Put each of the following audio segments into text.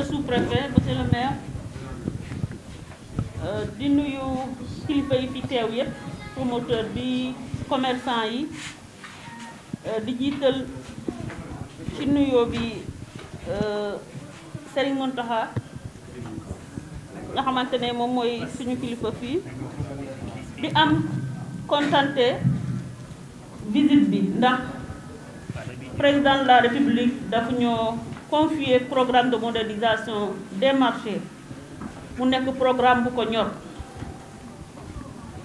le sous-préfet monsieur le maire euh, di nuyu kilifa yi fi teew yëpp promoteur bi commerçant yi euh, di jiital ci nuyoo bi euh, Serigne Mountakha nga xamante ne moom mooy suñu kilifa fii di am kontante visite bi ndax président la république daf ñoo confié programme de modernisation des marchés mu nekk programme bu ko ñor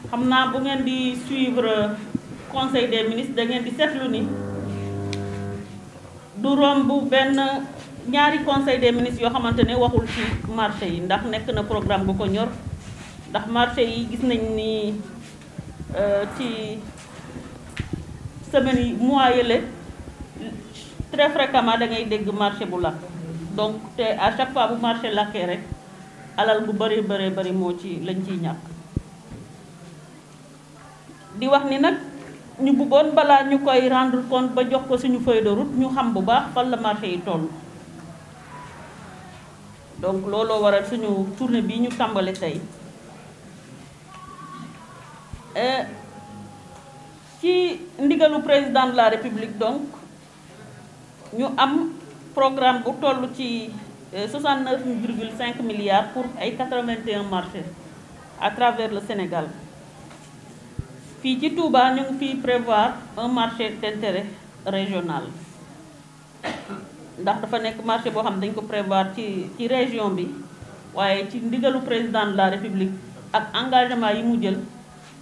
xam naa bu ngeen di suivre conseil des ministres dangeen ngeen di seetlu ni du bu benn ñaari conseil des ministres yoo xamante ne waxul ci marché yi ndax nekk na programme bu ko ñor ndax marché yi gis nañ ni euh, ci semaine yi mois très fréquemment dangay dégg marché bu lakk donc te à chaque fois bu marché lakkee rek alal bu bëree baree bari moo ci lañ ciy ñàkk di wax ni nag ñu bëggoon balaa ñu koy rendre compte ba jox ko suñu feuille de ñu xam bu baax fan la marché yi toll donc looloo waral suñu tournée bi ñu tàmbali say euh, ci ndigalu président de la république donc ñu am programme bu toll ci 69 euh, virgule 5 milliards pour ay 81 marchés à travers le Sénégal fii ci Touba ñu ngi fiy prévoir un marché d'intérêt régional ndax dafa nekk marché boo xam ne dañ ko prévoir ci ci région bi waaye ci ndigalu président de la République ak engagement yi mu jël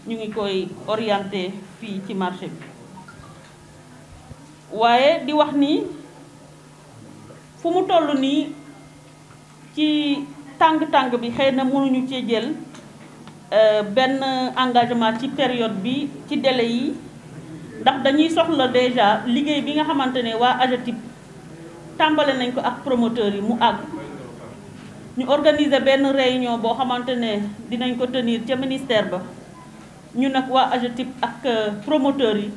ñu ngi koy orienté fii ci marché bi waaye di wax ni fu mu toll nii ci tàng-tàng bi xëy na mënuñu ci jël euh, benn engagement ci période bi ci délai yi ndax dañuy soxla déjà liggéey bi nga xamante ne waa AGETIP tàmbale nañ ko ak promoteur yi mu àgg ñu organiser benn réunion boo xamante ne dinañ ko tenir ca ministère ba ñu nag waa AGETIP ak euh, promoteur yi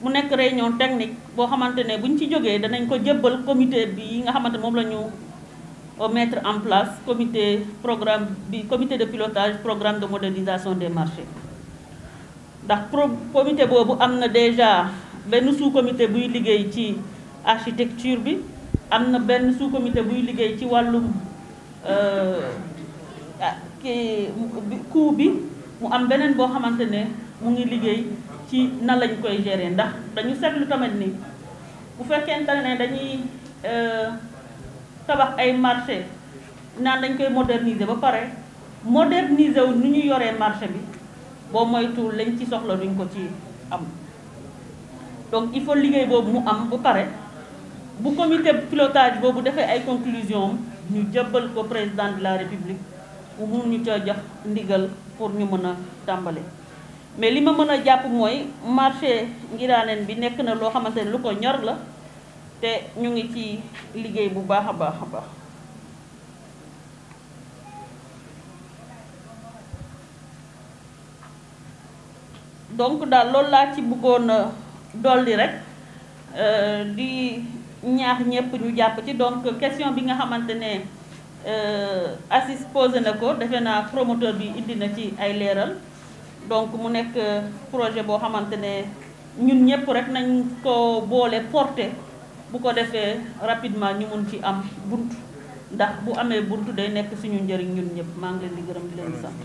mu nekk réunion technique boo xamante ne bu ñu ci jógee danañ ko jébbal comité bi yi nga xamante moom la ñu mettre en place comité programme bi comité de pilotage programme de modernisation de marchés ndax pro comité boobu am na déjà benn sous comité buy liggéey ci architecture bi am na benn sous comité buy liggéey ci wàllum euh, kii coût bi mu am beneen boo xamante ne mu ngi liggéey ci nan lañ koy gérer ndax dañu seetlu tamit nii bu fekkente ne dañuy euh, tabax ay marché naan dañ koy moderniser ba pare moderniser wu nu ñu yoree marché bi boo moytuwul lañ ci soxla duñ ko ci am donc il faut liggéey boobu mu am bu pare bu comité pilotage boobu defee ay conclusion ñu jëbbal ko président de la république mu ñu ca jox ndigal pour ñu mën a tàmbali mais li ma mën a jàpp mooy marché ngiraaneen bi nekk na loo xamante ne lu ko ñor la te ñu ngi ci liggéey bu baax a baax a baax donc daal loolu laa ci bëggoon dolli rek euh, di ñaax ñëpp ñu jàpp ci donc question bi nga xamante ne euh, Aziz posé na ko defe naa promoteur bi indi na ci ay leeral donc mu nekk euh, projet boo xamante ne ñun ñëpp rek nañ ko boole porté bu ko defee rapidement ñu mun ci am bunt ndax bu amee bunt day nekk suñu njëriñ ñun ñëpp maa ngi leen di gërëm di leen sant